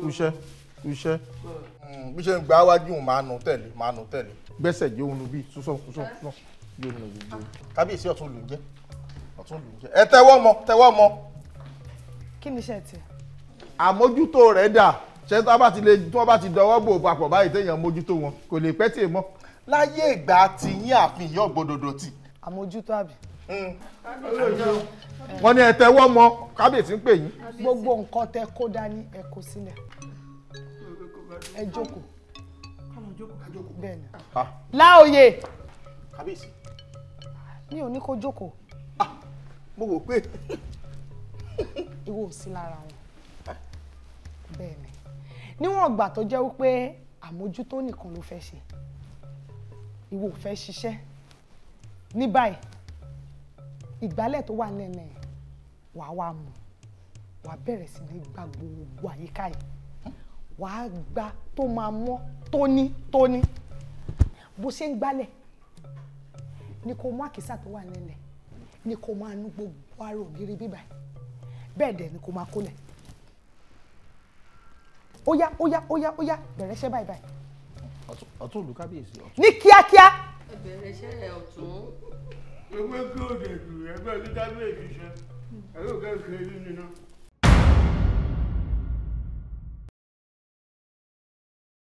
kúṣẹ́ kúṣẹ́. bí ṣe ń gbá wájú òun máa nù tẹ̀lé máa nù tẹ̀lé. gbẹ́sẹ̀ jẹ́ òun bíi túnṣọ́ túnṣọ́ túnṣọ́ yóò nù gbogbo. kábíyèsí ọ̀tún ló ń jẹ́ ọ̀tún ló ń jẹ́ ẹ tẹ́wọ́ mọ tẹ́wọ́ mọ. kí ni iṣẹ́ tiẹ̀. àmójútó rẹ̀ dà ṣé tí wọ́n bá ti dọwọ́ bò papọ̀ báyìí téèyàn mójútó wọn kò lè pẹ́ tì í mọ́. láyé ìgbà tí yín àfihàn gbòdòdó tì. àmójútó àbí wọ́n ní ẹ̀tẹ́ wọ́n mọ kábíyèsí ń pè yín. gbogbo nǹkan tẹ kó dání ẹ kó sílẹ̀ ẹ jókòó bẹ́ẹ̀ ni. láòyè kábíyèsí. mi ò ní kó jókòó. mo wò pé. ìwọ ò sí lára wọn bẹ́ẹ̀ ni níwọ̀n ìgbà tó jẹ́ wípé àmójútó nìkan ló fẹ́ ṣe ìwọ ò fẹ́ ṣiṣẹ́ ní báyìí ìgbálẹ̀ tó wà lẹ́lẹ̀ wà wà mú wà bẹ̀rẹ̀ sí ní gba gbogbo àyíká yìí wà á gba tó máa mọ́ tóní tóní bó ṣe ń gbálẹ̀ ni kò mú àkísà tó wà lẹ́lẹ̀ ni kò máa nú gbogbo ara ògiri bíbà bẹ́ẹ̀ dẹ̀ ni kò máa kólẹ̀ ó yá ó yá ó yá ó yá bẹ̀rẹ̀ báyìí báyìí. ní kíákíá. Gbogbo kí o dẹ̀ jù ẹgbẹ́ oníkábíyèsí ṣe. Ẹ̀rọ kẹ́kẹ́ you know.